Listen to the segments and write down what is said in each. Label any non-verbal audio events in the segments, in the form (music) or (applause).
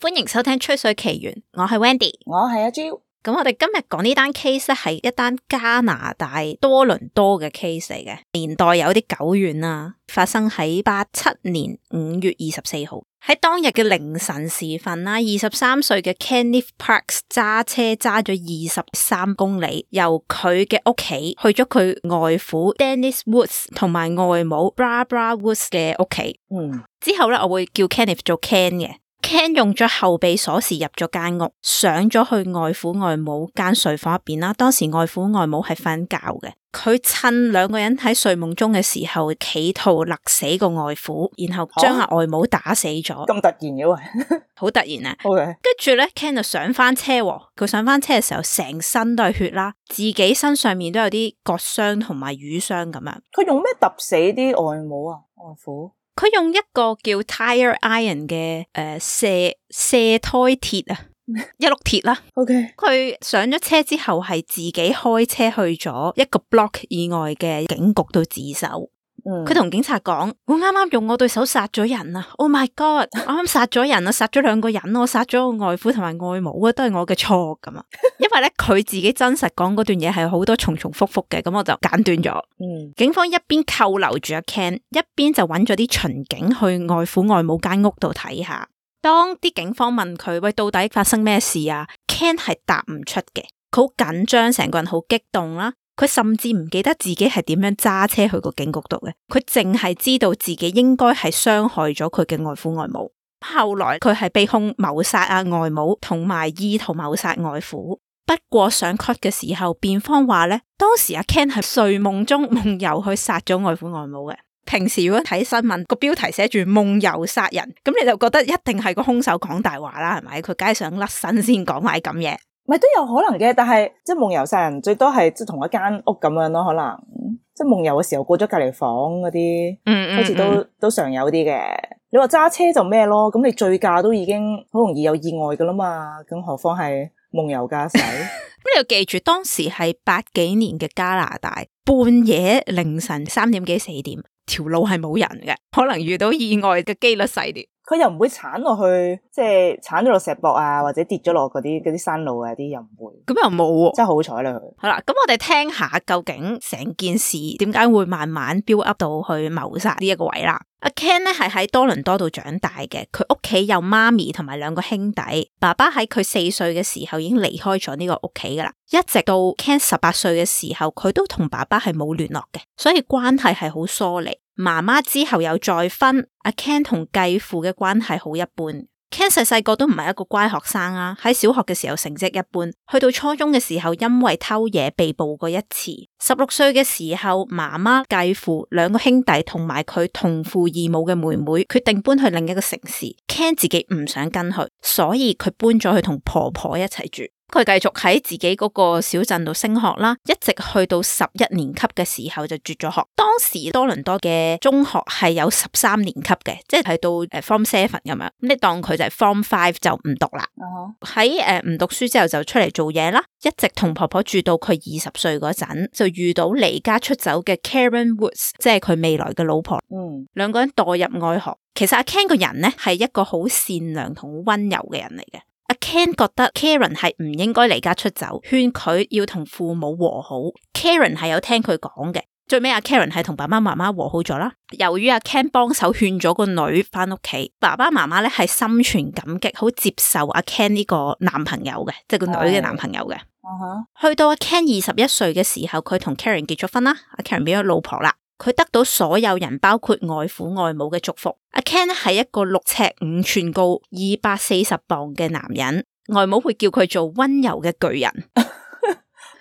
歡迎收聽《吹水奇緣》，我係 Wendy，我係阿 Jill。咁我哋今日講呢單 case 咧，係一單加拿大多倫多嘅 case 嚟嘅，年代有啲久遠啦、啊，發生喺八七年五月二十四號，喺當日嘅凌晨時分啦，二十三歲嘅 Kenneth Parks 揸車揸咗二十三公里，由佢嘅屋企去咗佢外父 Denis Woods 同埋外母 Barbara Woods 嘅屋企，嗯，之後咧我會叫 Kenneth 做 Ken 嘅。Ken 用咗後備鎖匙入咗間屋，上咗去外父外母間睡房入邊啦。當時外父外母係瞓覺嘅，佢趁兩個人喺睡夢中嘅時候企圖勒死個外父，然後將阿外母打死咗。咁突然嘅喎，好突然啊！跟住咧，Ken 就上翻車，佢上翻車嘅時候成身都係血啦，自己身上面都有啲割傷同埋瘀傷咁樣。佢用咩揼死啲外母啊？外父？佢用一個叫 tire iron 嘅，誒卸卸胎鐵啊，一碌鐵啦。OK，佢上咗車之後係自己開車去咗一個 block 以外嘅警局度自首。佢同警察講：我啱啱用我對手殺咗人啊！Oh my god！啱啱 (laughs) 殺咗人啊，殺咗兩個人，啊，我殺咗我外父同埋外母啊，都係我嘅錯咁啊！ (laughs) 因為咧，佢自己真實講嗰段嘢係好多重重複複嘅，咁我就簡短咗。嗯， (laughs) 警方一邊扣留住阿 Ken，一邊就揾咗啲巡警去外父外母間屋度睇下。當啲警方問佢：喂，到底發生咩事啊？Ken 係答唔出嘅，佢好緊張，成個人好激動啦。佢甚至唔記得自己係點樣揸車去個警局度嘅，佢淨係知道自己應該係傷害咗佢嘅外父外母。後來佢係被控謀殺阿、啊、外母同埋意圖謀殺外父。不過上 cut 嘅時候，辯方話咧，當時阿 Ken 係睡夢中夢遊去殺咗外父外母嘅。平時如果睇新聞，個標題寫住夢遊殺人，咁你就覺得一定係個兇手講大話啦，係咪？佢梗係想甩身先講埋咁嘢。咪都有可能嘅，但係即係夢遊殺人最多係即同一間屋咁樣咯，可能即係夢遊嘅時候過咗隔籬房嗰啲，嗯，嗯嗯，好似都都常有啲嘅。你話揸車就咩咯？咁你醉駕都已經好容易有意外噶啦嘛，咁何況係夢遊駕駛？咁 (laughs) 你要記住，當時係八幾年嘅加拿大，半夜凌晨三點幾四點，條路係冇人嘅，可能遇到意外嘅幾率細啲。佢又唔會鏟落去，即係鏟咗落石壆啊，或者跌咗落嗰啲啲山路啊，啲又唔會。咁又冇喎，真係、啊、好彩咧佢。係啦，咁我哋聽下究竟成件事點解會慢慢 build up 到去謀殺呢一個位啦。阿 Ken 咧，係喺多倫多度長大嘅，佢屋企有媽咪同埋兩個兄弟，爸爸喺佢四歲嘅時候已經離開咗呢個屋企㗎喇，一直到 Ken 十八歲嘅時候，佢都同爸爸係冇聯絡嘅，所以關係係好疏離。媽媽之後又再婚，阿 Ken 同繼父嘅關係好一般。Ken 細細個都唔係一個乖學生啦、啊，喺小學嘅時候成績一般，去到初中嘅時候因為偷嘢，被捕過一次。十六歲嘅時候，媽媽、繼父、兩個兄弟同埋佢同父異母嘅妹妹決定搬去另一個城市，Ken 自己唔想跟去，所以佢搬咗去同婆婆一齊住。佢繼續喺自己嗰個小鎮度升學啦，一直去到十一年級嘅時候就輟咗學。當時多倫多嘅中學係有十三年級嘅，即係提到誒 Form Seven 咁樣。咁你當佢就係 Form Five 就唔讀啦。喺誒唔讀書之後就出嚟做嘢啦，一直同婆婆住到佢二十歲嗰陣，就遇到離家出走嘅 Karen Woods，即係佢未來嘅老婆。嗯、uh，兩個人，huh. 墮入愛河。其實阿 Ken 個人咧係一個好善良同溫柔嘅人嚟嘅。阿 Ken 覺得 Karen 係唔應該離家出走，勸佢要同父母和好。Karen 係有聽佢講嘅，最尾阿 Karen 係同爸爸媽、媽媽和好咗啦。由於阿 Ken 幫手勸咗個女翻屋企，爸爸媽媽咧係心存感激，好接受阿 Ken 呢個男朋友嘅，即係個女嘅男朋友嘅。嗯哼、yes. uh-huh. 去到阿 Ken 二十一歲嘅時候，佢同 Karen 結咗婚啦，阿 Karen 變咗老婆啦。佢得到所有人包括外父外母嘅祝福。阿 Ken 係一個六尺五寸高、二百四十磅嘅男人，外母會叫佢做溫柔嘅巨人。 (laughs)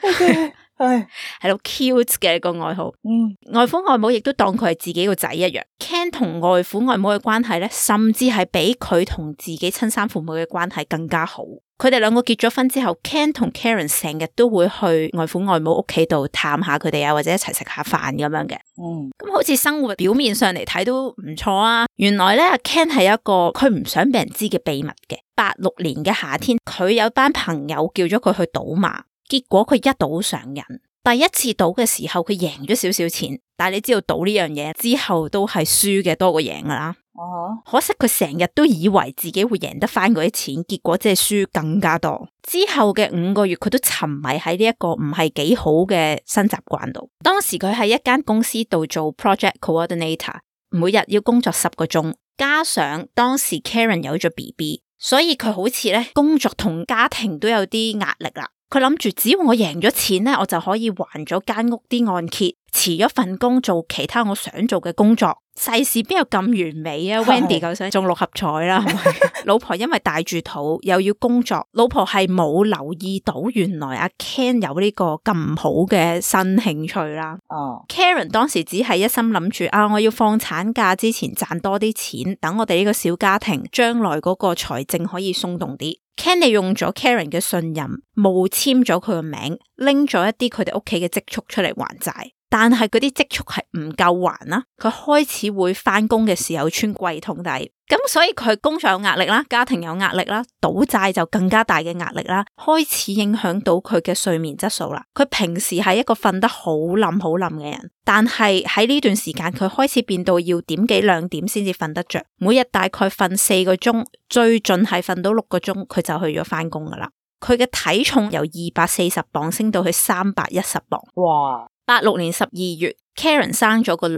Okay. (laughs) 係，係咯，cute 嘅一個愛好。嗯，外父外母亦都當佢係自己個仔一樣。Ken 同外父外母嘅關係咧，甚至係比佢同自己親生父母嘅關係更加好。佢哋兩個結咗婚之後，Ken 同 Karen 成日都會去外父外母屋企度探下佢哋啊，或者一齊食下飯咁樣嘅。嗯，咁好似生活表面上嚟睇都唔錯啊。原來咧，Ken 係一個佢唔想俾人知嘅秘密嘅。八六年嘅夏天，佢有班朋友叫咗佢去賭馬。結果佢一賭上癮，第一次賭嘅時候佢贏咗少少錢，但係你知道賭呢樣嘢之後都係輸嘅多過贏㗎啦。哦、uh-huh. 可惜佢成日都以為自己會贏得返嗰啲錢，結果即係輸更加多。之後嘅五個月，佢都沉迷喺呢一個唔係幾好嘅新習慣度。當時佢喺一間公司度做 project coordinator，每日要工作十個鐘，加上當時 Karen 有咗 BB，所以佢好似咧工作同家庭都有啲壓力啦。佢諗住，只要我贏咗錢咧，我就可以還咗間屋啲按揭，辭咗份工，做其他我想做嘅工作。世事邊有咁完美啊的？Wendy 夠想中六合彩啦， (laughs) 老婆因為大住肚又要工作，老婆係冇留意到原來阿 Ken 有呢個咁好嘅新興趣啦。哦，Karen 當時只係一心諗住啊，我要放產假之前賺多啲錢，等我哋呢個小家庭將來嗰個財政可以鬆動啲。 (laughs) Ken 利用咗 Karen 嘅信任，冒簽咗佢個名，拎咗一啲佢哋屋企嘅積蓄出嚟還債。但係佢啲積蓄係唔夠還啦，佢開始會翻工嘅時候穿櫃桶底，咁所以佢工作有壓力啦，家庭有壓力啦，賭債就更加大嘅壓力啦，開始影響到佢嘅睡眠質素啦。佢平時係一個瞓得好冧好冧嘅人，但係喺呢段時間佢開始變到要點幾兩點先至瞓得着，每日大概瞓四個鐘，最盡係瞓到六個鐘，佢就去咗翻工噶啦。佢嘅體重由二百四十磅升到去三百一十磅，哇！八六年十二月，Karen 生咗個女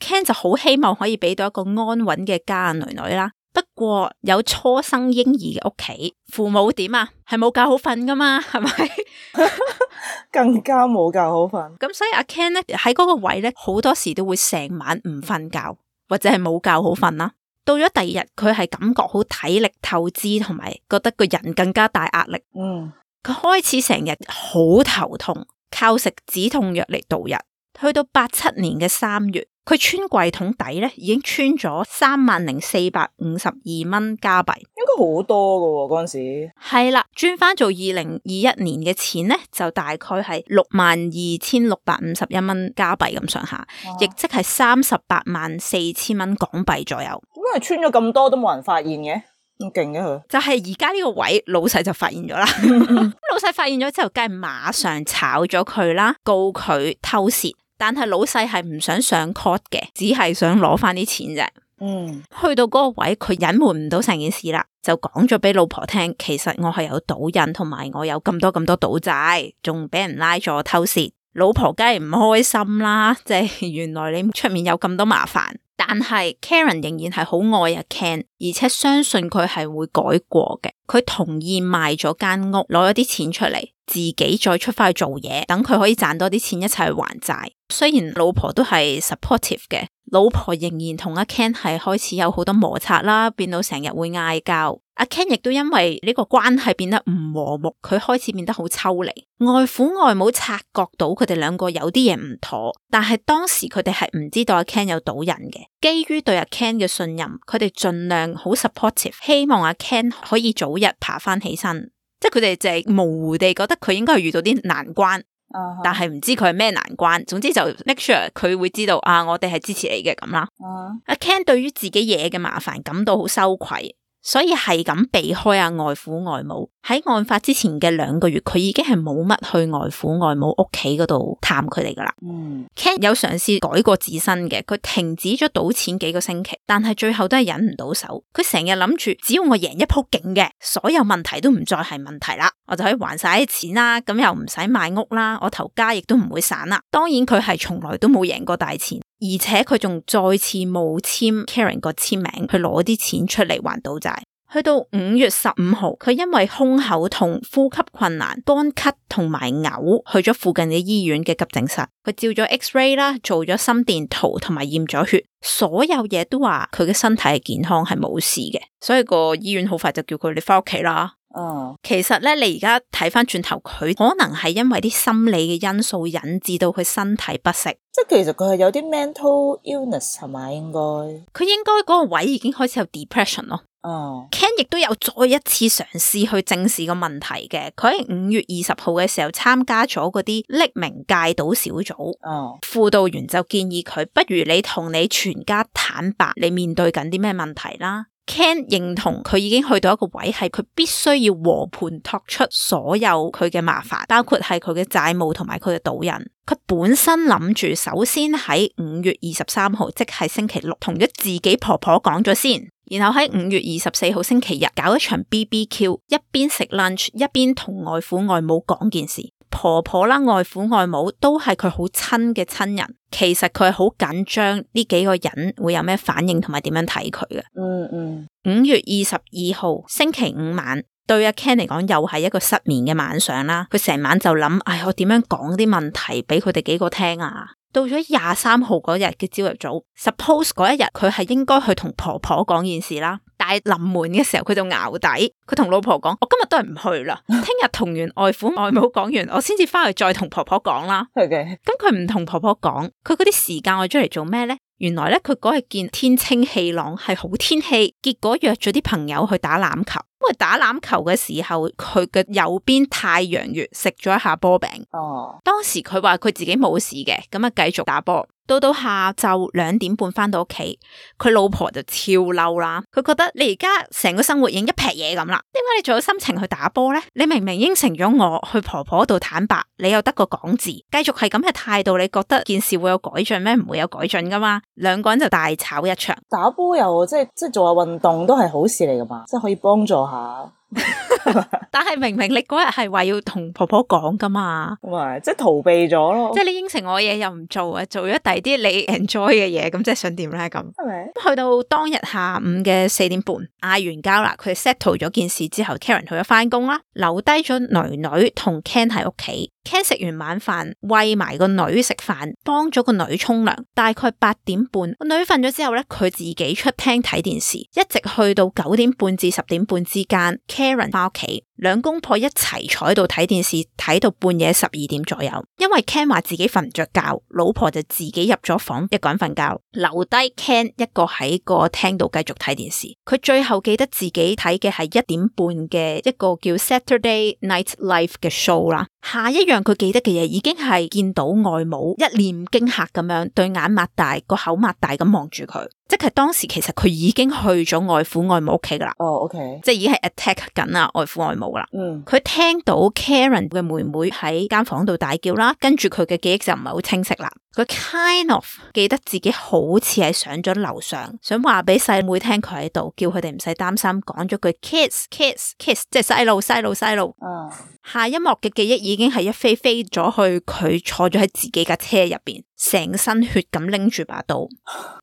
，Ken 就好希望可以俾到一個安穩嘅家女女啦。不過有初生嬰兒嘅屋企，父母點啊？係冇覺好瞓㗎嘛？係咪？ (laughs) 更加冇覺好瞓。咁 (laughs) 所以阿 Ken 咧喺嗰個位咧，好多時都會成晚唔瞓覺，或者係冇覺好瞓啦。到咗第二日，佢係感覺好體力透支，同埋覺得個人更加大壓力。嗯，佢開始成日好頭痛。靠食止痛藥嚟度日，去到八七年嘅三月，佢穿櫃桶底咧，已經穿咗三萬零四百五十二蚊加幣，應該好多噶，嗰陣時。係啦，轉返做二零二一年嘅錢咧，就大概係六萬二千六百五十一蚊加幣咁上下，亦哇即係三十八萬四千蚊港幣左右。咁佢穿咗咁多都冇人發現嘅？咁勁嘅？佢，就係而家呢個位老細就發現咗啦。咁 (laughs) 老細發現咗之後，梗係馬上炒咗佢啦，告佢偷竊。但係老細係唔想上 court 嘅，只係想攞翻啲錢啫。嗯，去到嗰個位，佢隱瞞唔到成件事啦，就講咗俾老婆聽。其實我係有賭癮，同埋我有咁多咁多賭債，仲俾人拉咗我偷竊。老婆梗係唔開心啦，即係原來你出面有咁多麻煩。但係 Karen 仍然係好愛阿 Ken，而且相信佢係會改過嘅。佢同意賣咗間屋，攞一啲錢出嚟。自己再出翻去做嘢，等佢可以賺多啲錢一齊去還債。雖然老婆都係 supportive 嘅，老婆仍然同阿 Ken 係開始有好多摩擦啦，變到成日會嗌交。阿 Ken 亦都因為呢個關係變得唔和睦，佢開始變得好抽離。外父外母察覺到佢哋兩個有啲嘢唔妥，但係當時佢哋係唔知道阿 Ken 有賭癮嘅。基於對阿 Ken 嘅信任，佢哋盡量好 supportive，希望阿 Ken 可以早日爬翻起身。即係佢哋就係模糊地覺得佢應該係遇到啲難關，uh huh. 但係唔知佢係咩難關。總之就 make sure 佢會知道啊，我哋係支持你嘅咁啦。阿、uh huh. Ken 對於自己惹嘅麻煩感到好羞愧。所以係咁避開阿外父外母。喺案發之前嘅兩個月，佢已經係冇乜去外父外母屋企嗰度探佢哋㗎喇。Ken 有嘗試改過自新嘅，佢停止咗賭錢幾個星期，但係最後都係忍唔到手。佢成日諗住，只要我贏一鋪勁嘅，所有問題都唔再係問題啦，我就可以還晒啲錢啦，咁又唔使賣屋啦，我頭家亦都唔會散啦。當然佢係從來都冇贏過大錢。而且佢仲再次冇簽 Karen 個簽名去攞啲錢出嚟還賭債。去到五月十五號，佢因為胸口痛、呼吸困難、乾咳同埋嘔，去咗附近嘅醫院嘅急症室。佢照咗 X ray 啦，做咗心電圖同埋驗咗血，所有嘢都話佢嘅身體健康係冇事嘅，所以個醫院好快就叫佢哋返屋企啦。啊，其實咧，你而家睇翻轉頭，佢可能係因為啲心理嘅因素引致到佢身體不適，即係其實佢係有啲 mental illness 係嘛？應該佢應該嗰個位已經開始有 depression 咯。啊，Ken 亦都有再一次嘗試去正視個問題嘅，佢喺五月二十號嘅時候參加咗嗰啲匿名戒賭小組。哦，輔導員就建議佢，不如你同你全家坦白，你面對緊啲咩問題啦。Ken 認同佢已經去到一個位，係佢必須要和盤托出所有佢嘅麻煩，包括係佢嘅債務同埋佢嘅賭人。佢本身諗住首先喺五月二十三號，即係星期六，同咗自己婆婆講咗先，然後喺五月二十四號星期日搞一場 BBQ，一邊食 lunch，一邊同外父外母講件事。婆婆啦、外父外母都係佢好親嘅親人，其實佢係好緊張呢幾個人會有咩反應同埋點樣睇佢嘅。嗯嗯。五月二十二號星期五晚，對阿 Ken 嚟講又係一個失眠嘅晚上啦，佢成晚就諗，唉、哎，我點樣講啲問題俾佢哋幾個聽啊？到咗廿三號嗰日嘅朝頭早，suppose 嗰一日佢係應該去同婆婆講件事啦。大臨門嘅時候，佢就淆底，佢同老婆講： (laughs) 我今日都係唔去啦，聽日同完外父外母講完，我先至翻去再同婆婆講啦。係嘅。咁佢唔同婆婆講，佢嗰啲時間我出嚟做咩呢？原來咧，佢嗰日見天清氣朗係好天氣，結果約咗啲朋友去打籃球。咁啊，打籃球嘅時候，佢嘅右邊太陽穴食咗一下波餅。哦。Oh. 當時佢話佢自己冇事嘅，咁啊繼續打波。到到下晝兩點半翻到屋企，佢老婆就超嬲啦！佢覺得你而家成個生活已經一撇嘢咁啦，點解你仲有心情去打波呢？你明明應承咗我去婆婆度坦白，你又得個講字，繼續係咁嘅態度，你覺得件事會有改進咩？唔會有改進噶嘛？兩個人就大吵一場，打波又即係即係做下運動都係好事嚟噶嘛，即係可以幫助下。 (laughs) (laughs) 但係明明你嗰日係話要同婆婆講噶嘛，唔係即係逃避咗咯，即係你應承我嘢，又唔做啊，做咗第二啲你 enjoy 嘅嘢，咁即係想點咧咁？咁 Okay. 去到當日下午嘅四點半，嗌完交啦，佢 settle 咗件事之後，Karen 去咗翻工，啦留低咗女女同 Ken 喺屋企。Ken 食完晚飯，餵埋個女食飯，幫咗個女沖涼。大概八點半，個女瞓咗之後咧，佢自己出廳睇電視，一直去到九點半至十點半之間，Karen 返屋企。兩公婆一齊坐喺度睇電視，睇到半夜十二點左右。因為 Ken 話自己瞓唔着覺，老婆就自己入咗房一個人瞓覺，留低 Ken 一個喺個廳度繼續睇電視。佢最後記得自己睇嘅係一點半嘅一個叫 Saturday Night Live 嘅 show 啦。下一樣佢記得嘅嘢已經係見到外母一臉驚吓咁樣，對眼擘大，個口擘大咁望住佢。即係當時其實佢已經去咗外父外母屋企噶啦，哦，O K，即係已經係 attack 緊啦外父外母噶啦，嗯，佢聽到 Karen 嘅妹妹喺間房度大叫啦，跟住佢嘅記憶就唔係好清晰啦。佢 kind of 記得自己好似係上咗樓上，想話畀細妹聽佢喺度，叫佢哋唔使擔心。講咗句 kiss kiss kiss，即係細路細路細路。嗯，oh。下一幕嘅記憶已經係一飛飛咗去，佢坐咗喺自己架車入邊，成身血咁拎住把刀。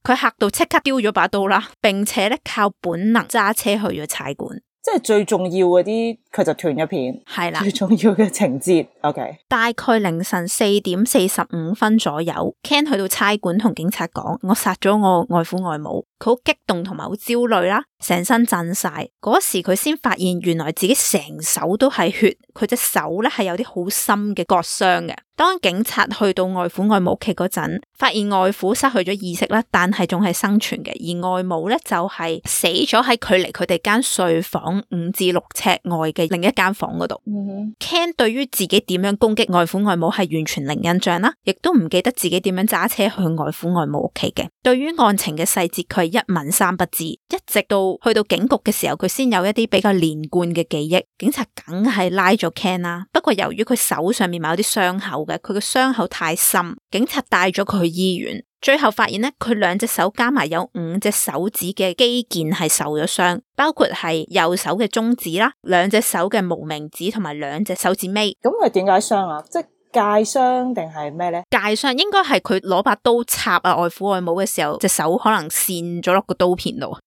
佢嚇到即刻丟咗把刀啦，並且咧靠本能揸車去咗差館。即係最重要嗰啲，佢就斷一片，係啦的。最重要嘅情節，OK。大概凌晨四點四十五分左右，Ken 去到差館同警察講：我殺咗我外父外母。佢好激動同埋好焦慮啦，成身震晒。嗰時佢先發現原來自己成手都係血，佢隻手咧係有啲好深嘅割傷嘅。當警察去到外父外母屋企嗰陣，發現外父失去咗意識啦，但係仲係生存嘅。而外母咧就係死咗喺距離佢哋間睡房五至六尺外嘅另一間房嗰度。嗯、Ken 對於自己點樣攻擊外父外母係完全零印象啦，亦都唔記得自己點樣揸車去外父外母屋企嘅。對於案情嘅細節，佢一問三不知，一直到去到警局嘅時候，佢先有一啲比較連貫嘅記憶。警察梗係拉咗 Ken 啦，不過由於佢手上面有啲傷口嘅，佢嘅傷口太深，警察帶咗佢去醫院，最後發現咧，佢兩隻手加埋有五隻手指嘅肌腱係受咗傷，包括係右手嘅中指啦，兩隻手嘅無名指同埋兩隻手指尾。咁佢點解傷啊？即界傷定係咩咧？界傷應該係佢攞把刀插喺外父外母嘅時候，隻手可能跣咗落個刀片度啊！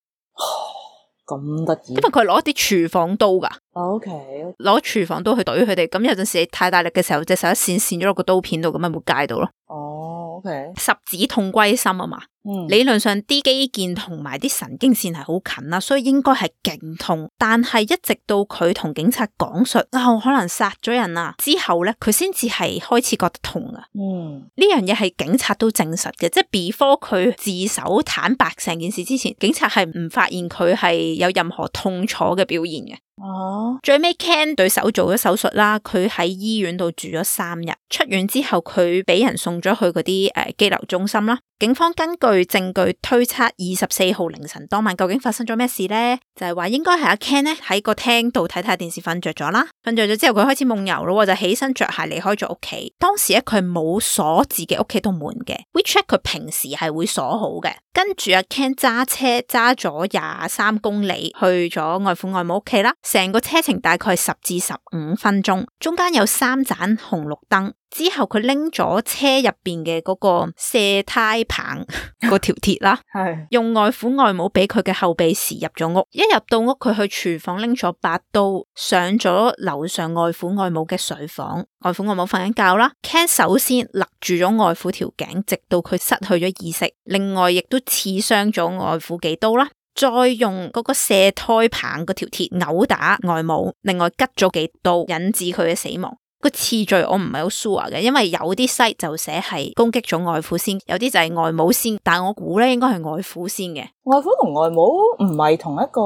咁得意，因為佢攞啲廚房刀㗎。O K，攞廚房刀去懟佢哋，咁有陣時你太大力嘅時候，隻手一跣跣咗落個刀片度，咁咪會界到咯。哦，O K，十指痛歸心啊嘛！理論上啲肌腱同埋啲神經線係好近啦，所以應該係勁痛。但係一直到佢同警察講述啊、哦，可能殺咗人啦之後咧，佢先至係開始覺得痛噶。嗯，呢樣嘢係警察都證實嘅，即係 before 佢自首坦白成件事之前，警察係唔發現佢係有任何痛楚嘅表現嘅。哦，最尾 Ken 對手做咗手術啦，佢喺醫院度住咗三日，出院之後佢俾人送咗去嗰啲誒拘留中心啦。警方根據證據推測，二十四號凌晨當晚究竟發生咗咩事呢？就係話應該係阿 Ken 咧喺個廳度睇睇下電視瞓着咗啦，瞓着咗之後佢開始夢遊咯，就起身着鞋離開咗屋企。當時咧佢冇鎖自己屋企度門嘅，which 佢平時係會鎖好嘅。跟住阿 Ken 揸車揸咗廿三公里去咗外父外母屋企啦。成個車程大概十至十五分鐘，中間有三盞紅綠燈。之後佢拎咗車入面嘅嗰個卸胎棒嗰條鐵啦， (laughs) 是用外父外母俾佢嘅後備匙入咗屋。一入到屋，佢去廚房拎咗八刀，上咗樓上外父外母嘅睡房，外父外母瞓緊覺啦。 (laughs) Ken 首先勒住咗外父條頸，直到佢失去咗意識。另外，亦都刺傷咗外父幾刀啦。再用嗰個射胎棒嗰條鐵毆打外母，另外㓤咗幾刀，引致佢嘅死亡。個次序我唔係好 sure 嘅，因為有啲 site 就寫係攻擊咗外父先，有啲就係外母先，但係我估咧應該係外父先嘅。外父同外母唔係同一個，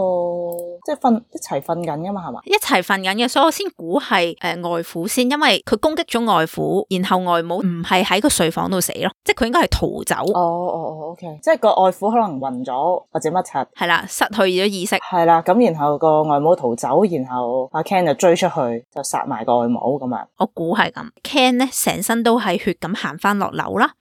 即係瞓一齊瞓緊噶嘛，係嘛？一齊瞓緊嘅，所以我先估係誒、呃、外父先，因為佢攻擊咗外父，然後外母唔係喺個睡房度死咯，即係佢應該係逃走。哦哦哦，OK，即係個外父可能暈咗或者乜柒，係啦，失去咗意識，係啦，咁然後個外母逃走，然後阿 Ken 就追出去就殺埋個外母咁啊。我估係咁，Ken 咧，成身都係血咁行翻落樓啦。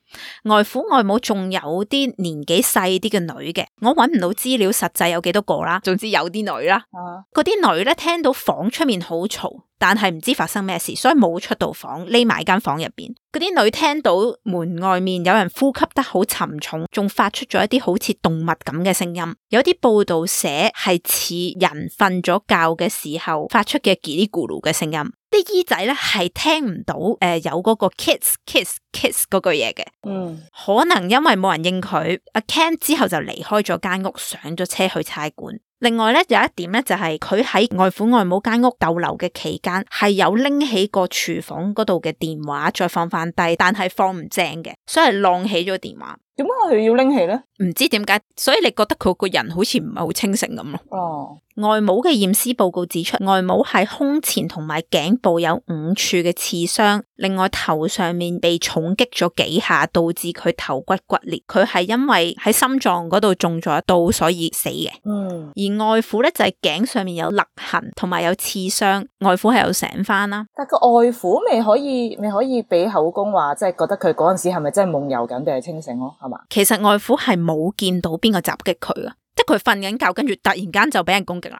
外父外母仲有啲年紀細啲嘅女嘅，我搵唔到資料，實際有幾多個啦。總之有啲女啦。啊，嗰啲女咧，聽到房出面好嘈，但係唔知發生咩事，所以冇出到房，匿埋間房入邊。嗰啲女聽到門外面有人呼吸得好沉重，仲發出咗一啲好似動物咁嘅聲音。有啲報道寫係似人瞓咗覺嘅時候發出嘅嘰哩咕嚕嘅聲音。啲姨仔咧，係聽唔到誒、呃，有嗰個 kiss kiss kiss 嗰句嘢嘅，嗯，可能因為冇人應佢，阿 Ken 之後就離開咗間屋，上咗車去差館。另外咧，有一點咧就係佢喺外父外母間屋逗留嘅期間，係有拎起個廚房嗰度嘅電話再放翻低，但係放唔正嘅，所以晾起咗電話。點解佢要拎起咧？唔知點解，所以你覺得佢個人好似唔係好清醒咁咯？哦，外母嘅驗屍報告指出，外母喺胸前同埋頸部有五處嘅刺傷，另外頭上面被重擊咗幾下，導致佢頭骨骨裂。佢係因為喺心臟嗰度中咗一刀，所以死嘅。嗯，而外父咧就係、是、頸上面有勒痕同埋有刺傷，外父係有醒翻啦。但個外父未可以未可以俾口供話，即、就、係、是、覺得佢嗰陣時係咪真係夢遊緊定係清醒咯？其實外父係冇見到邊個襲擊佢啊，即係佢瞓緊覺，跟住突然間就俾人攻擊啦。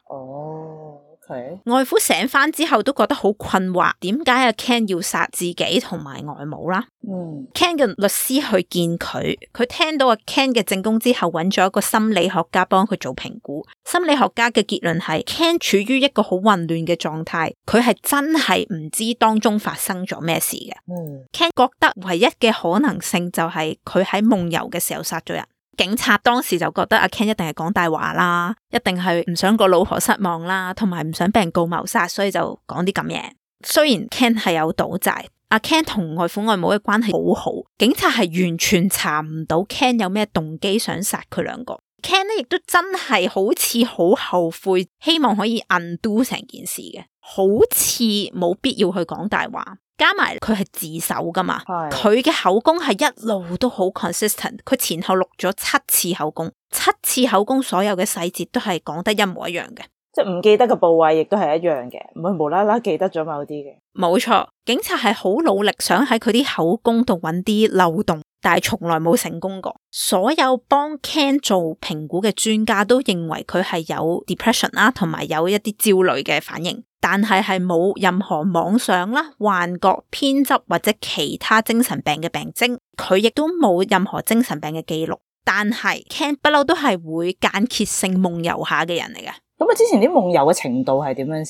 外父醒翻之後都覺得好困惑，點解阿 Ken 要殺自己同埋外母啦？嗯、mm.，Ken 嘅律師去見佢，佢聽到阿 Ken 嘅證供之後，揾咗一個心理學家幫佢做評估。心理學家嘅結論係、mm. Ken 處於一個好混亂嘅狀態，佢係真係唔知當中發生咗咩事嘅。嗯、mm.，Ken 覺得唯一嘅可能性就係佢喺夢遊嘅時候殺咗人。警察當時就覺得阿 Ken 一定係講大話啦，一定係唔想個老婆失望啦，同埋唔想被人告謀殺，所以就講啲咁嘢。雖然 Ken 係有賭債，阿 Ken 同外父外母嘅關係好好，警察係完全查唔到 Ken 有咩動機想殺佢兩個。Ken 呢亦都真係好似好後悔，希望可以 undo 成件事嘅，好似冇必要去講大話。加埋佢係自首噶嘛，佢嘅的口供係一路都好 consistent，佢前後錄咗七次口供，七次口供所有嘅細節都係講得一模一樣嘅，即係唔記得嘅部位亦都係一樣嘅，唔會無啦啦記得咗某啲嘅。冇錯，警察係好努力想喺佢啲口供度揾啲漏洞。但係從來冇成功過。所有幫 Ken 做評估嘅專家都認為佢係有 depression 啦、啊，同埋有，有一啲焦慮嘅反應，但係係冇任何妄想啦、幻覺、偏執或者其他精神病嘅病徵。佢亦都冇任何精神病嘅記錄。但係 Ken 不嬲都係會間歇性夢遊下嘅人嚟嘅。咁啊，之前啲夢遊嘅程度係點樣先？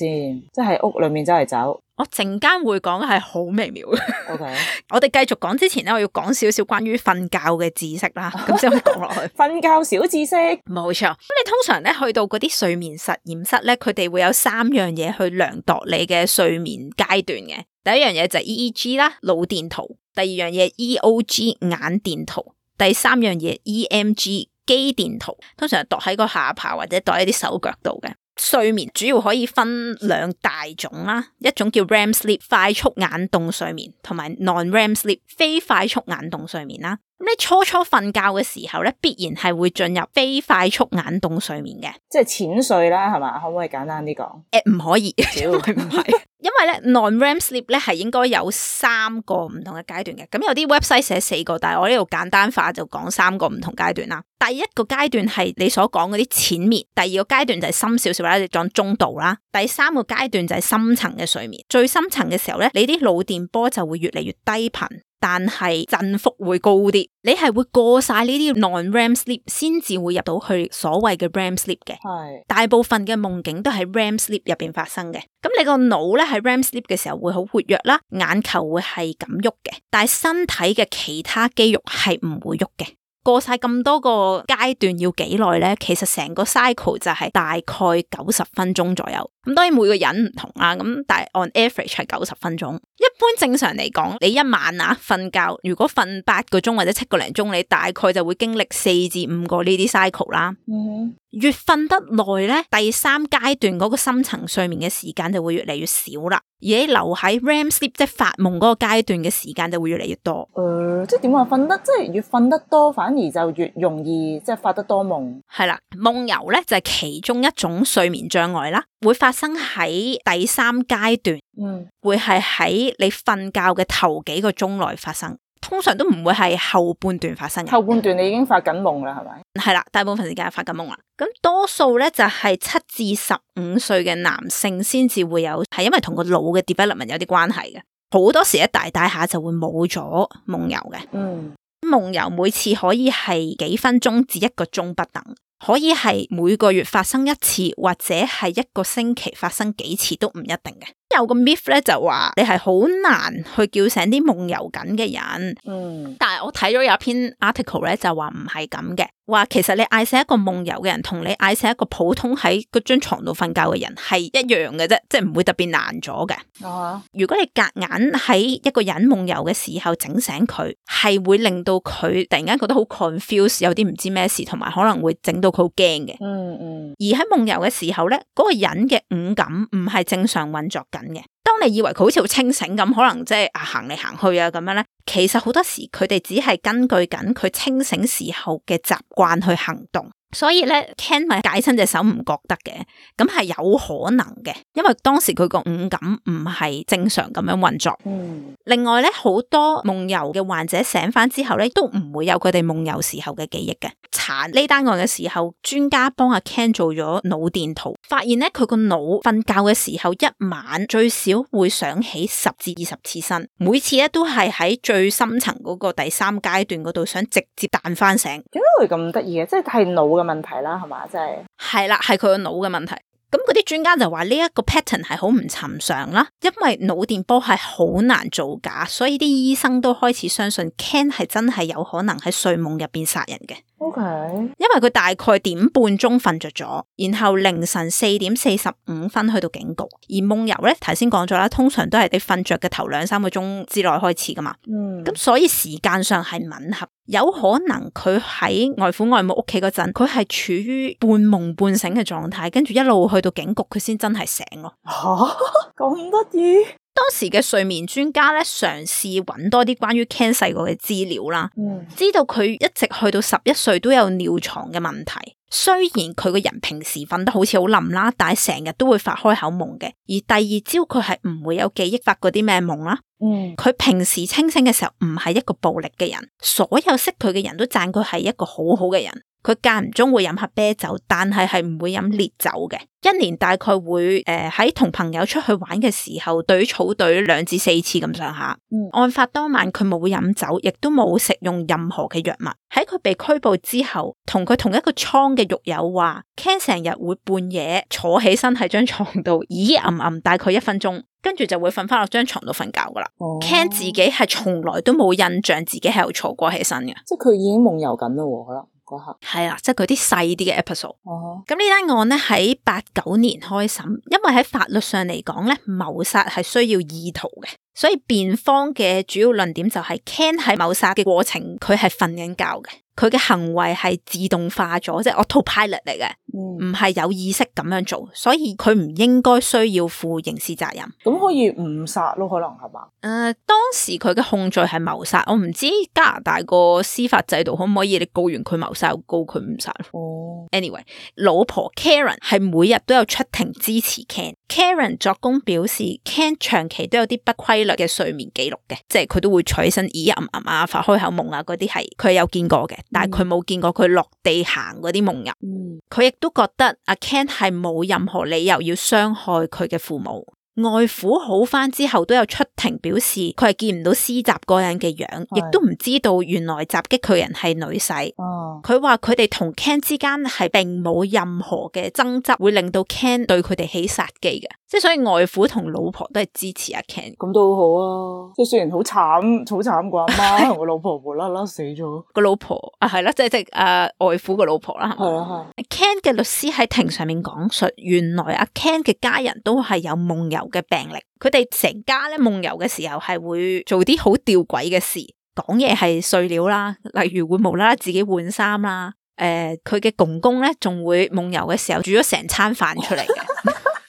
即係屋裏面走嚟走。我陣間會講係好微妙嘅 (laughs) ，Okay. 我講我哋繼續講之前咧，我要講少少關於瞓覺嘅知識啦，咁先 (laughs) 可以講落去。瞓覺小知識，冇錯。咁你通常咧去到嗰啲睡眠實驗室咧，佢哋會有三樣嘢去量度你嘅睡眠階段嘅。第一樣嘢就係 EEG 啦，腦電圖；第二樣嘢 EOG 眼電圖；第三樣嘢 EMG 肌電圖，通常係度喺個下巴或者度喺啲手腳度嘅。睡眠主要可以分兩大種啦，一種叫 REM sleep 快速眼動睡眠，同埋 non-REM sleep 非快速眼動睡眠啦。你初初瞓覺嘅時候咧，必然係會進入非快速眼動睡眠嘅，即係淺睡啦，係嘛？可唔可以簡單啲講？誒、欸，唔可以，唔係會， (laughs) (laughs) 因為咧，non REM sleep 咧係應該有三個唔同嘅階段嘅，咁有啲 website 寫四個，但係我呢度簡單化就講三個唔同階段啦。第一個階段係你所講嗰啲淺眠，第二個階段就係深少少或者講中度啦，第三個階段就係深層嘅睡眠，最深層嘅時候咧，你啲腦電波就會越嚟越低頻。但係振幅會高啲，你係會過晒呢啲 non-REM sleep 先至會入到去所謂嘅 REM sleep 嘅。係，是大部分嘅夢境都喺 REM sleep 入邊發生嘅。咁你個腦咧喺 REM sleep 嘅時候會好活躍啦，眼球會係咁喐嘅，但係身體嘅其他肌肉係唔會喐嘅。過晒咁多個階段要幾耐咧？其實成個 cycle 就係大概九十分鐘左右。咁當然每個人唔同啊。咁但係 on average 係九十分鐘。一般正常嚟講，你一晚啊瞓覺，如果瞓八個鐘或者七個零鐘，你大概就會經歷四至五個呢啲 cycle 啦。嗯哼、mm。Hmm. 越瞓得耐咧，第三階段嗰個深層睡眠嘅時間就會越嚟越少啦，而且留喺 REM sleep 即係發夢嗰個階段嘅時間就會越嚟越多。誒、呃，即係點話？瞓得即係越瞓得多，反而就越容易即係、就是、發得多夢。係啦，夢遊咧就係、是、其中一種睡眠障礙啦。會發生喺第三階段，嗯，會係喺你瞓覺嘅頭幾個鐘內發生，通常都唔會係後半段發生嘅。後半段你已經發緊夢啦，係咪？係啦，大部分時間發緊夢啦。咁多數咧就係、是、七至十五歲嘅男性先至會有，係因為同個腦嘅 development 有啲關係嘅。好多時一大大下就會冇咗夢遊嘅。嗯，夢遊每次可以係幾分鐘至一個鐘不等。可以係每個月發生一次，或者係一個星期發生幾次都唔一定嘅。有個 myth 咧就話你係好難去叫醒啲夢遊緊嘅人，嗯，但係我睇咗有一篇 article 咧就話唔係咁嘅，話其實你嗌醒一個夢遊嘅人同你嗌醒一個普通喺嗰張床度瞓覺嘅人係一樣嘅啫，即係唔會特別難咗嘅。哦、嗯，嗯、如果你夾硬喺一個人夢遊嘅時候整醒佢，係會令到佢突然間覺得好 confuse，有啲唔知咩事，同埋可能會整到佢好驚嘅。嗯嗯，而喺夢遊嘅時候咧，嗰、嗰個人嘅五感唔係正常運作緊。當你以為佢好似好清醒咁，可能即係啊行嚟行去啊咁樣咧，其實好多時佢哋只係根據緊佢清醒時候嘅習慣去行動。所以咧，Ken 咪解親隻手唔覺得嘅，咁係有可能嘅，因為當時佢個五感唔係正常咁樣運作。嗯。另外咧，好多夢遊嘅患者醒翻之後咧，都唔會有佢哋夢遊時候嘅記憶嘅。查呢單案嘅時候，專家幫阿 Ken 做咗腦電圖，發現咧佢個腦瞓覺嘅時候，一晚最少會想起十至二十次身，每次咧都係喺最深層嗰個第三階段嗰度，想直接彈翻醒。點解會咁得意嘅？即係係腦咁問題啦，係嘛？真係係啦，係佢個腦嘅問題。咁嗰啲專家就話呢一個 pattern 係好唔尋常啦，因為腦電波係好難造假，所以啲醫生都開始相信 Ken 係真係有可能喺睡夢入邊殺人嘅。OK，因為佢大概點半鐘瞓着咗，然後凌晨四點四十五分去到警局，而夢遊咧，頭先講咗啦，通常都係你瞓着嘅頭兩三個鐘之內開始噶嘛。嗯，咁所以時間上係吻合。有可能佢喺外父外母屋企嗰陣，佢係處於半夢半醒嘅狀態，跟住一路去到警局，佢先真係醒咯。吓、啊，講得意。當時嘅睡眠專家咧，嘗試揾多啲關於 Ken 細個嘅資料啦，嗯、知道佢一直去到十一歲都有尿床嘅問題。雖然佢個人平時瞓得好似好冧啦，但係成日都會發開口夢嘅。而第二朝佢係唔會有記憶發過啲咩夢啦。嗯，佢平時清醒嘅時候唔係一個暴力嘅人，所有識佢嘅人都讚佢係一個好好嘅人。佢間唔中會飲下啤酒，但係係唔會飲烈酒嘅。一年大概會誒喺同朋友出去玩嘅時候，隊草隊兩至四次咁上下。嗯嗯，案發當晚佢冇飲酒，亦都冇食用任何嘅藥物。喺佢被拘捕之後，同佢同一個倉嘅獄友話，Ken 成日會半夜坐起身喺張床度，咦，吟，嗯，吟，嗯嗯，大概一分鐘。跟住就會瞓翻落張床度瞓覺噶啦。Oh. Ken 自己係從來都冇印象自己係喺度坐過起身嘅，即係佢已經夢遊緊啦嗰刻。係啦、oh.，即係佢啲細啲嘅 episode。哦，咁呢單案咧喺八九年開審，因為喺法律上嚟講咧，謀殺係需要意圖嘅，所以辯方嘅主要論點就係 Ken 喺謀殺嘅過程佢係瞓緊覺嘅。佢嘅行為係自動化咗，即係 autopilot 嚟嘅，唔係有意識咁樣做，所以佢唔應該需要負刑事責任。咁可以誤殺咯，可能係嘛？誒、呃，當時佢嘅控罪係謀殺，我唔知加拿大個司法制度可唔可以你告完佢謀殺，告佢誤殺。哦，anyway，老婆 Karen 係每日都有出庭支持 Ken。Karen 作供表示，Ken 長期都有啲不規律嘅睡眠記錄嘅，即係佢都會取身吻吻、啊，咦，啱啱啊發開口夢啊，嗰啲係佢有見過嘅。但係佢冇見過，佢落地行嗰啲夢遊，佢亦都覺得阿 Ken 係冇任何理由要傷害佢嘅父母。外父好翻之後，都有出庭表示，佢係見唔到施襲嗰人嘅樣，亦都唔知道原來襲擊佢人係女婿。佢話佢哋同 Ken 之間係並冇任何嘅爭執，會令到 Ken 對佢哋起殺機嘅。即係所以，外父同老婆都係支持阿 Ken。咁都好好啊！即係雖然好慘，好慘啩，好慘阿媽同個老婆無啦啦死咗。個老婆啊，係啦，即係即係阿外父個老婆啦。係啊，Ken 嘅律師喺庭上面講述，原來阿、啊、Ken 嘅家人都係有夢遊嘅病例，佢哋成家咧夢遊嘅時候係會做啲好吊詭嘅事，講嘢係碎料啦，例如會無啦啦自己換衫啦，誒、呃，佢嘅公公咧仲會夢遊嘅時候煮咗成餐飯出嚟嘅，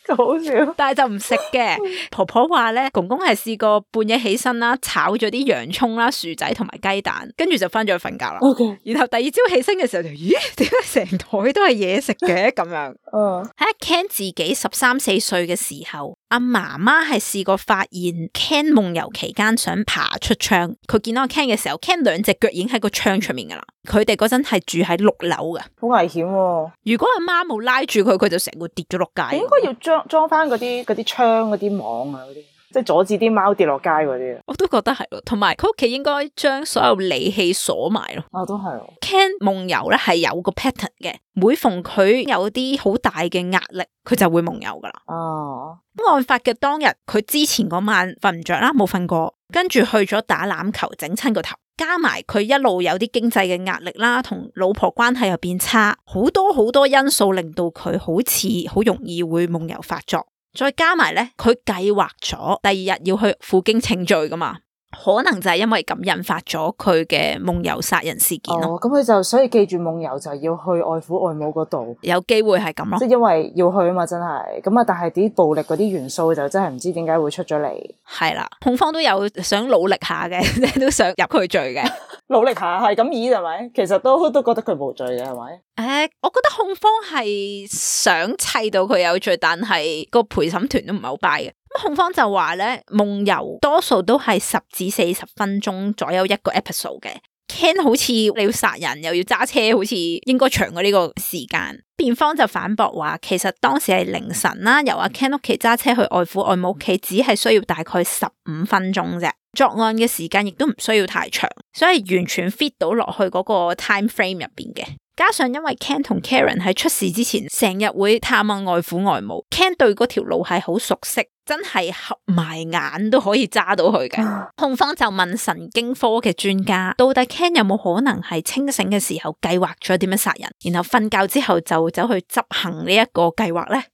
笑，但，但係就唔食嘅。婆婆話咧，公公係試過半夜起身啦，炒咗啲洋葱啦、薯仔、同埋雞蛋，跟住就翻咗去瞓覺啦。Okay. 然後第二朝起身嘅時候就咦，點解成台都係嘢食嘅咁樣？嗯，喺阿 Ken 自己十三四歲嘅時候。阿媽媽係試過發現 Ken 夢遊期間想爬出窗，佢見到阿 Ken 嘅時候，Ken 兩隻腳已經喺個窗出面噶啦。佢哋嗰陣係住喺六樓嘅，好危險，哦。如果阿媽冇拉住佢，佢就成個跌咗落街。應該要裝裝翻嗰啲啲窗嗰啲網啊啲。即係阻止啲貓跌落街嗰啲，我都覺得係咯。同埋佢屋企應該將所有利器鎖埋咯。啊、哦，都係、哦。Ken 夢遊咧係有個 pattern 嘅，每逢佢有啲好大嘅壓力，佢就會夢遊噶啦。哦、啊。咁案發嘅當日，佢之前嗰晚瞓唔着啦，冇瞓過，跟住去咗打籃球，整親個頭，加埋佢一路有啲經濟嘅壓力啦，同老婆關係又變差，好多好多因素令到佢好似好容易會夢遊發作。再加埋咧，佢計劃咗第二日要去負荊請罪噶嘛。可能就係因為咁引發咗佢嘅夢遊殺人事件咯。咁佢、哦、就所以記住夢遊就要去外父外母嗰度，有機會係咁。即係因為要去啊嘛，真係咁啊。但係啲暴力嗰啲元素就真係唔知點解會出咗嚟。係啦，控方都有想努力下嘅， (laughs) 都想入佢罪嘅。 (laughs) 努力下係咁意係咪？其實都都覺得佢冇罪嘅係咪？誒、呃，我覺得控方係想砌到佢有罪，但係個陪審團都唔係好 buy。嘅。控方就話咧，夢遊多數都係十至四十分鐘左右一個 episode 嘅。Ken 好似你要殺人又要揸車，好似應該長過呢個時間。辯方就反駁話，其實當時係凌晨啦，由阿 Ken 屋企揸車去外父外母屋企，只係需要大概十五分鐘啫。作案嘅時間亦都唔需要太長，所以完全 fit 到落去嗰個 time frame 入邊嘅。加上因為 Ken 同 Karen 喺出事之前，成日會探望外父外母 (noise) ，Ken 對嗰條路係好熟悉，真係合埋眼都可以揸到去嘅。控 (noise) 方就問神經科嘅專家，到底 Ken 有冇可能係清醒嘅時候計劃咗點樣殺人，然後瞓覺之後就走去執行這個計劃呢一個計劃咧？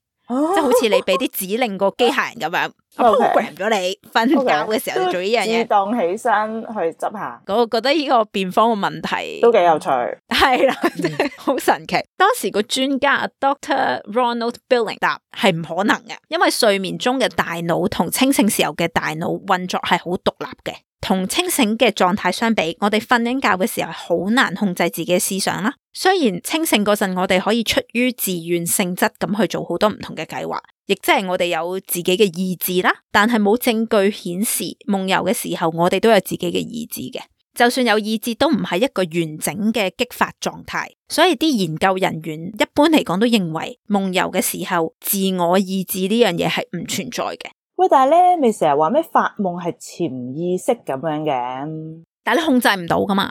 即係好似你俾啲指令個機械人咁樣 program Okay .咗你，瞓覺嘅時候就做呢樣嘢，自動起身去執下。我覺得呢個辯方嘅問題都幾有趣，係啦，嗯，好 (laughs) 神奇。當時個專家 Dr. Ronald Billing 答係唔可能嘅，因為睡眠中嘅大腦同清醒時候嘅大腦運作係好獨立嘅。同清醒嘅狀態相比，我哋瞓緊覺嘅時候好難控制自己嘅思想啦。雖然清醒嗰陣我哋可以出於自願性質咁去做好多唔同嘅計劃，亦即係我哋有自己嘅意志啦。但係冇證據顯示夢遊嘅時候我哋都有自己嘅意志嘅。就算有意志，都唔係一個完整嘅激發狀態。所以啲研究人員一般嚟講都認為夢遊嘅時候自我意志呢樣嘢係唔存在嘅。喂，但係咧，咪成日話咩發夢係潛意識咁樣嘅，但係你控制唔到㗎嘛？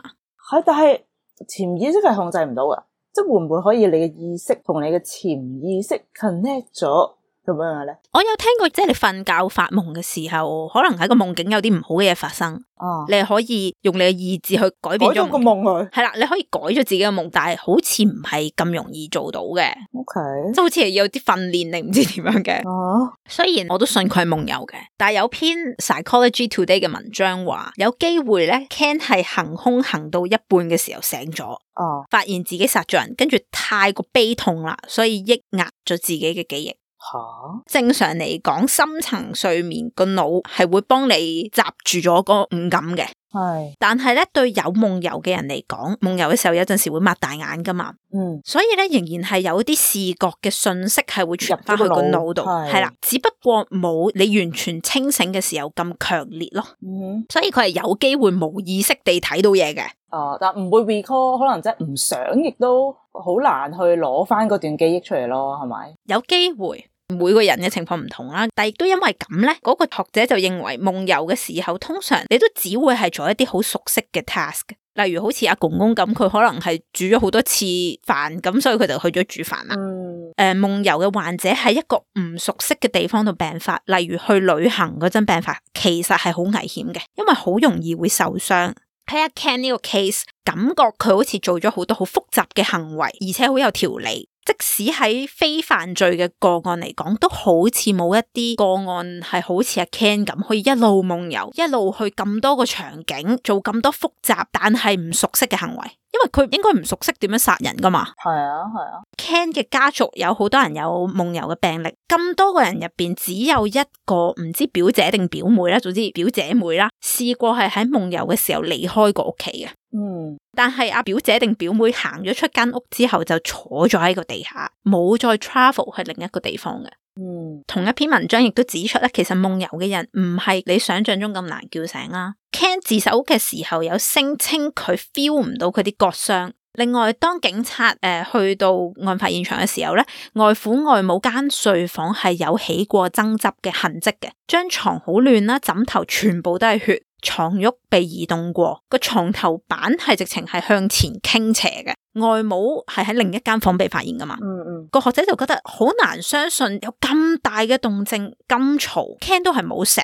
係、哎，但係潛意識係控制唔到㗎，即係會唔會可以你嘅意識同你嘅潛意識 connect 咗？做咩咧？我有聽過，即係你瞓覺發夢嘅時候，可能喺個夢境有啲唔好嘅嘢發生。哦、啊，你係可以用你嘅意志去改變咗個夢去。係啦，你可以改咗自己嘅夢，但係好似唔係咁容易做到嘅。OK，即係好似係有啲訓練你唔知點樣嘅。啊，雖然我都信佢係夢遊嘅，但係有篇 Psychology Today 嘅文章話，有機會咧，Ken 係行兇行到一半嘅時候醒咗，哦、啊，發現自己殺咗人，跟住太過悲痛啦，所以抑壓咗自己嘅記憶。吓，正常嚟講，深層睡眠個腦係會幫你閘住咗個五感嘅。係，但係咧對有夢遊嘅人嚟講，夢遊嘅時候有陣時會擘大眼噶嘛。嗯，所以咧仍然係有啲視覺嘅信息係會傳入翻去個腦度，係啦，只不過冇你完全清醒嘅時候咁強烈咯。嗯，嗯，所以佢係有機會冇意識地睇到嘢嘅。哦，但唔會 recall，可能即係唔想，亦都好難去攞翻嗰段記憶出嚟咯，係咪？有機會。每個人嘅情況唔同啦，但亦都因為咁咧，嗰、嗰個學者就認為夢遊嘅時候，通常你都只會係做一啲好熟悉嘅 task 嘅，例如好似阿公公咁，佢可能係煮咗好多次飯，咁所以佢就去咗煮飯啦。誒、嗯，夢遊嘅患者喺一個唔熟悉嘅地方度病發，例如去旅行嗰陣病發，其實係好危險嘅，因為好容易會受傷。睇阿 Ken 呢個 case，感覺佢好似做咗好多好複雜嘅行為，而且好有條理。即使喺非犯罪嘅個案嚟講，都好似冇一啲個案係好似阿 Ken 咁，可以一路夢遊，一路去咁多個場景，做咁多複雜但係唔熟悉嘅行為。因為佢應該唔熟悉點樣殺人㗎嘛。係啊，係啊。Ken 嘅家族有好多人有夢遊嘅病歷，咁多個人入邊只有一個唔知表姐定表妹啦，總之表姐妹啦，試過係喺夢遊嘅時候離開過屋企嘅。嗯。 (laughs) (laughs) 但係阿表姐定表妹行咗出間屋之後就坐咗喺個地下，冇再 travel 去另一個地方嘅。嗯、哦，同一篇文章亦都指出咧，其實夢遊嘅人唔係你想象中咁難叫醒啊。Ken 自首嘅時候有聲稱佢 feel 唔到佢啲割傷。另外，當警察誒、呃、去到案發現場嘅時候咧，外父外母間睡房係有起過爭執嘅痕跡嘅，張床好亂啦，枕頭全部都係血。床褥被移動過，個床頭板係直情係向前傾斜嘅，外母係喺另一間房間被發現噶嘛？嗯嗯，個學者就覺得好難相信有咁大嘅動靜咁嘈，Ken 都係冇醒。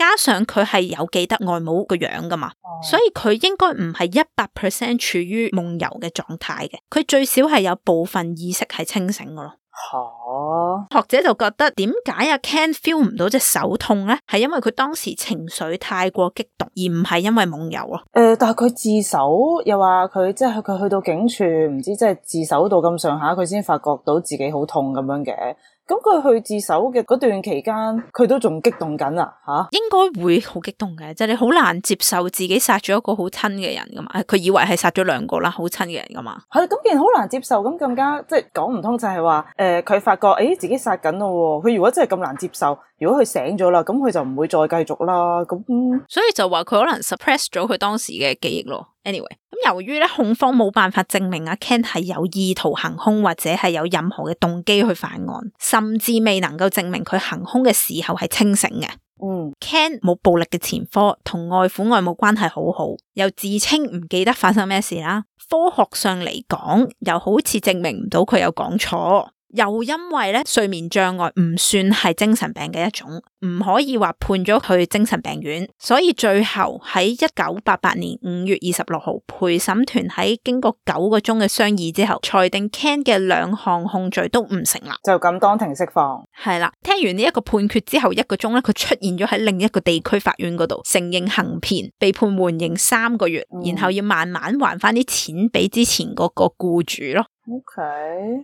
加上佢係有記得外母個樣㗎嘛，嗯、所以佢應該唔係一百 percent 處於夢遊嘅狀態嘅，佢最少係有部分意識係清醒嘅咯。哦、啊，學者就覺得點解阿 Ken feel 唔到隻手痛咧？係因為佢當時情緒太過激動，而唔係因為夢遊咯。誒、呃，但係佢自首又話佢即係佢去到警署，唔知即係自首到咁上下，佢先發覺到自己好痛咁樣嘅。咁佢去自首嘅嗰段期間，佢都仲激動緊啊吓，應該會好激動嘅，即係你好難接受自己殺咗一個好親嘅人噶嘛，佢、啊、以為係殺咗兩個啦，好親嘅人噶嘛。係咁，既然好難接受，咁更加即係講唔通就，就係話誒，佢發覺誒、哎、自己殺緊咯，佢如果真係咁難接受，如果佢醒咗啦，咁佢就唔會再繼續啦，咁。所以就話佢可能 suppress 咗佢當時嘅記憶咯。anyway，咁由於咧，控方冇辦法證明阿 Ken 係有意圖行凶或者係有任何嘅動機去犯案，甚至未能夠證明佢行凶嘅時候係清醒嘅。嗯，Ken 冇暴力嘅前科，同外父外母關係好好，又自稱唔記得發生咩事啦。科學上嚟講，又好似證明唔到佢有講錯。又因為咧睡眠障礙唔算係精神病嘅一種，唔可以話判咗去精神病院，所以最後喺一九八八年五月二十六號，陪審團喺經過九個鐘嘅商議之後，裁定 Ken 嘅兩項控罪都唔成立，就咁當庭釋放。係啦，聽完呢一個判決之後一個鐘咧，佢出現咗喺另一個地區法院嗰度，承認行騙，被判緩刑三個月，嗯、然後要慢慢還翻啲錢俾之前嗰個僱主咯。O K，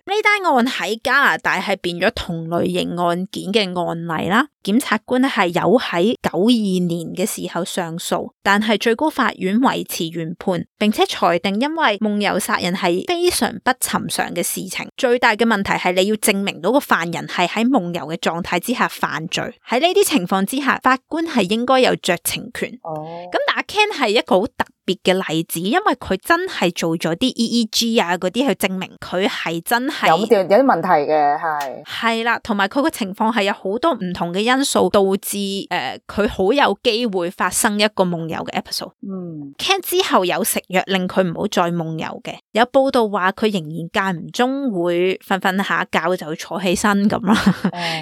呢單案喺加拿大係變咗同類型案件嘅案例啦。檢察官咧係有喺九二年嘅時候上訴，但係最高法院維持原判，並且裁定因為夢遊殺人係非常不尋常嘅事情，最大嘅問題係你要證明到個犯人係喺夢遊嘅狀態之下犯罪。喺呢啲情況之下，法官係應該有酌情權。哦，咁阿 Ken 係一個好特別嘅例子，因為佢真係做咗啲 EEG 啊，嗰啲去證明佢係真係有啲有啲問題嘅，係係啦，同埋佢個情況係有好多唔同嘅因素導致誒，佢、呃、好有機會發生一個夢遊嘅 episode。嗯，Ken 之後有食藥令佢唔好再夢遊嘅，有報道話佢仍然間唔中會瞓瞓下覺就會坐起身咁啦，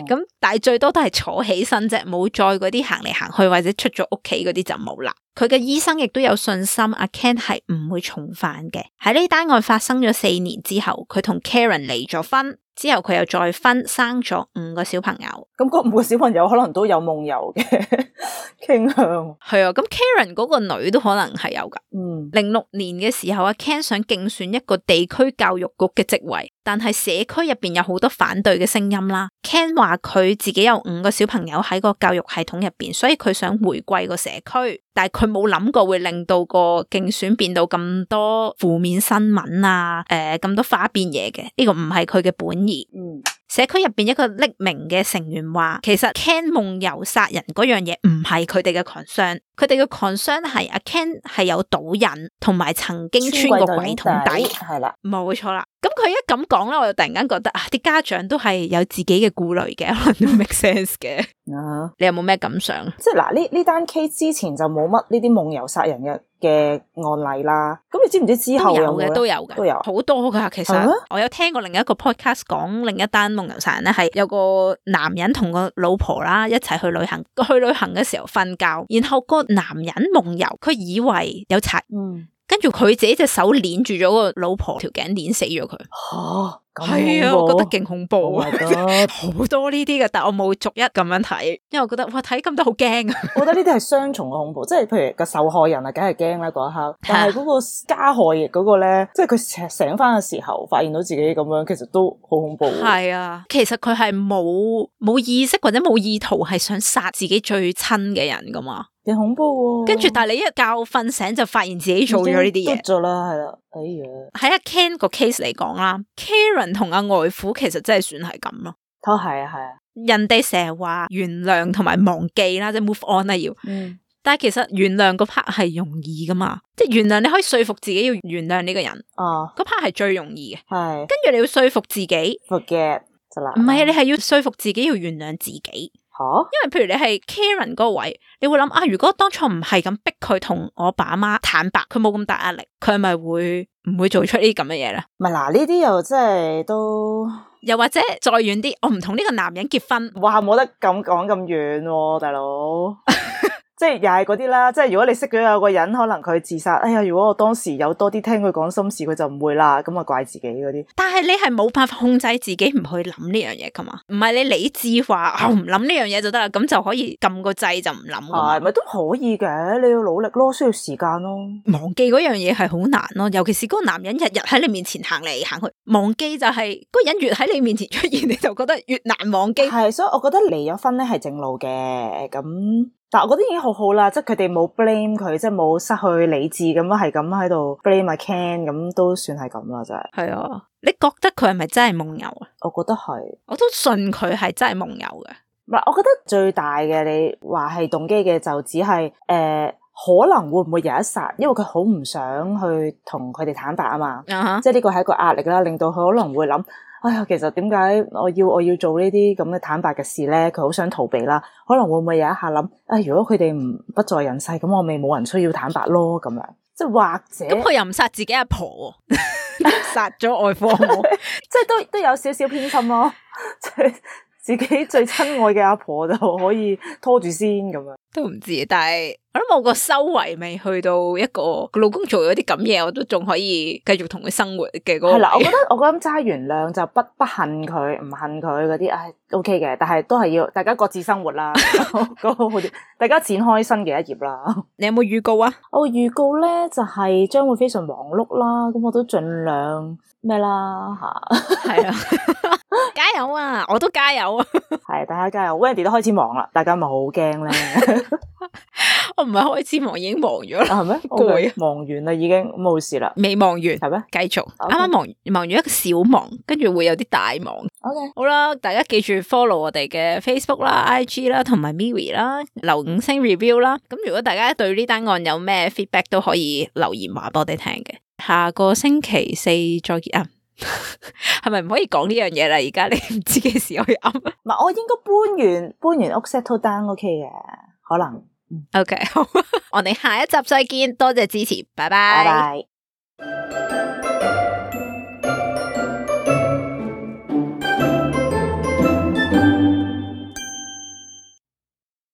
咁、嗯、 (laughs) 但係最多都係坐起身啫，冇再嗰啲行嚟行去或者出咗屋企嗰啲就冇啦。佢嘅醫生亦都有信心，阿 Ken 係唔會重犯嘅。喺呢單案發生咗四年之後，佢同 Karen 離咗婚，之後佢又再婚，生咗五個小朋友。咁嗰五個小朋友可能都有夢遊嘅傾向。係 (laughs) 聊啊，咁 Karen 嗰個女都可能係有㗎。嗯，零六年嘅時候，阿 Ken 想競選一個地區教育局嘅職位。但係社區入邊有好多反對嘅聲音啦，Ken 話佢自己有五個小朋友喺個教育系統入邊，所以佢想回歸個社區，但係佢冇諗過會令到個競選變到咁多負面新聞啊，誒、呃、咁多花邊嘢嘅，呢、呢個唔係佢嘅本意。嗯，社區入邊一個匿名嘅成員話，其實 Ken 夢遊殺人嗰樣嘢唔係佢哋嘅狂想。佢哋嘅 concern 係阿 Ken 係有賭癮，同埋曾經穿過鬼筒底。係啦，冇錯啦。咁佢一咁講咧，我就突然間覺得啊，啲家長都係有自己嘅顧慮嘅，可能都 make sense 嘅。啊，你有冇咩感想？即係嗱，呢呢單 case 之前就冇乜呢啲夢遊殺人嘅嘅案例啦。咁你知唔知之後有嘅都有嘅都有好多㗎。其實嗎我有聽過另一個 podcast 講另一單夢遊殺人咧，係有個男人同個老婆啦一齊去旅行，去旅行嘅時候瞓覺，然後、那個男人夢遊，佢以為有賊，跟住佢自己隻手鏈住咗個老婆條頸，鏈死咗佢。吓，係啊，我覺得勁恐怖啊，好多呢啲嘅，但我冇逐一咁樣睇，因為我覺得哇，睇咁多好驚啊！我覺得呢啲係雙重嘅恐怖，即係譬如個受害人啊，梗係驚啦嗰一刻，但係嗰個加害嘅嗰個咧，即係佢醒醒翻嘅時候，發現到自己咁樣，其實都好恐怖。係啊，其實佢係冇冇意識或者冇意圖，係想殺自己最親嘅人噶嘛。幾恐怖喎、哦！跟住，但係你一覺瞓醒就發現自己做咗呢啲嘢。咗啦，係啦，哎呀！喺阿 Ken 個 case 嚟講啦，Karen 同阿外父其實真係算係咁咯。都係啊，係啊。人哋成日話原諒同埋忘記啦，即係 move on 啦要。嗯。但係其實原諒個 part 係容易噶嘛，即係原諒你可以說服自己要原諒呢個人。哦。個 part 係最容易嘅。係。跟住你要說服自己。forget。啦。唔係你係要說服自己要原諒自己。吓，因為譬如你係 Karen 嗰個位，你會諗啊，如果當初唔係咁逼佢同我爸阿媽坦白，佢冇咁大壓力，佢係咪會唔會做出呢啲咁嘅嘢咧？唔係嗱，呢啲又真係都，又或者再遠啲，我唔同呢個男人結婚，哇，冇得咁講咁遠，大佬。 (laughs) 即係又係嗰啲啦，即係如果你識咗有個人，可能佢自殺，哎呀！如果我當時有多啲聽佢講心事，佢就唔會啦。咁啊，怪自己嗰啲。但係你係冇辦法控制自己唔去諗呢樣嘢噶嘛？唔係你理智化，唔諗呢樣嘢，就得啦，咁就可以撳個掣就唔諗。係咪都可以嘅？你要努力咯，需要時間咯。忘記嗰樣嘢係好難咯，尤其是嗰個男人日日喺你面前行嚟行去，忘記就係嗰個人越喺你面前出現，你就覺得越難忘記。係，所以我覺得離咗婚咧係正路嘅咁。但我覺得已經好好啦，即係佢哋冇 blame 佢，即係冇失去理智咁樣係咁喺度 blame 阿 Ken 咁都算係咁啦，真係。係啊，你覺得佢係咪真係夢遊？啊？我覺得係，我都信佢係真係夢遊嘅。嗱，我覺得最大嘅你話係動機嘅就只係誒、呃，可能會唔會有一剎，因為佢好唔想去同佢哋坦白啊嘛。Uh huh. 即係呢個係一個壓力啦，令到佢可能會諗。哎呀，其實點解我要我要做呢啲咁嘅坦白嘅事咧？佢好想逃避啦，可能會唔會有一下諗，啊、哎、如果佢哋唔不在人世，咁我咪冇人需要坦白咯，咁樣即係或者咁佢又唔殺自己阿婆，殺咗 (laughs) 外父， (laughs) (laughs) 即係都都有少少偏心咯，即係自己最親愛嘅阿婆就可以拖住先咁樣。都唔知，但係我諗我個修為未去到一個，老公做咗啲咁嘢，我都仲可以繼續同佢生活嘅嗰個。係啦，我覺得我覺得齋原諒，就不不恨佢，唔恨佢嗰啲，唉，O K 嘅。但係都係要大家各自生活啦，好 (laughs) (laughs) 大家展開新嘅一頁啦。你有冇預告啊？我預告咧就係、是、將會非常忙碌啦，咁我都盡量。咩啦吓，係啊，加油啊！我都加油啊！係 (laughs) 大家加油，Wendy 都開始忙啦，大家咪好驚咧。 (laughs) (laughs) 我唔係開始忙，已經忙咗啦。係咩、啊？攰，忙完啦，已經冇事啦。未忙完係咩？繼續。Okay. 啱啱忙忙完一個小忙，跟住會有啲大忙。OK，好啦，大家記住 follow 我哋嘅 Facebook 啦、IG 啦同埋 Miri 啦，留五星 review 啦。咁如果大家對呢單案有咩 feedback 都可以留言話俾我哋聽嘅。下個星期四再見啊，係咪唔可以講呢樣嘢啦？而家你唔知幾時可以啱？唔係我應該搬完搬完屋 settle down 嘅，可能。OK，好， (laughs) (laughs) 我哋下一集再見，多謝支持，拜拜。Bye bye